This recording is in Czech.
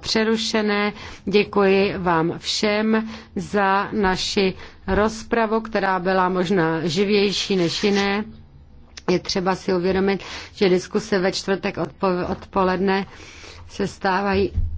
přerušené. Děkuji vám všem za naši rozpravu, která byla možná živější než jiné. Je třeba si uvědomit, že diskuse ve čtvrtek odpoledne se stávají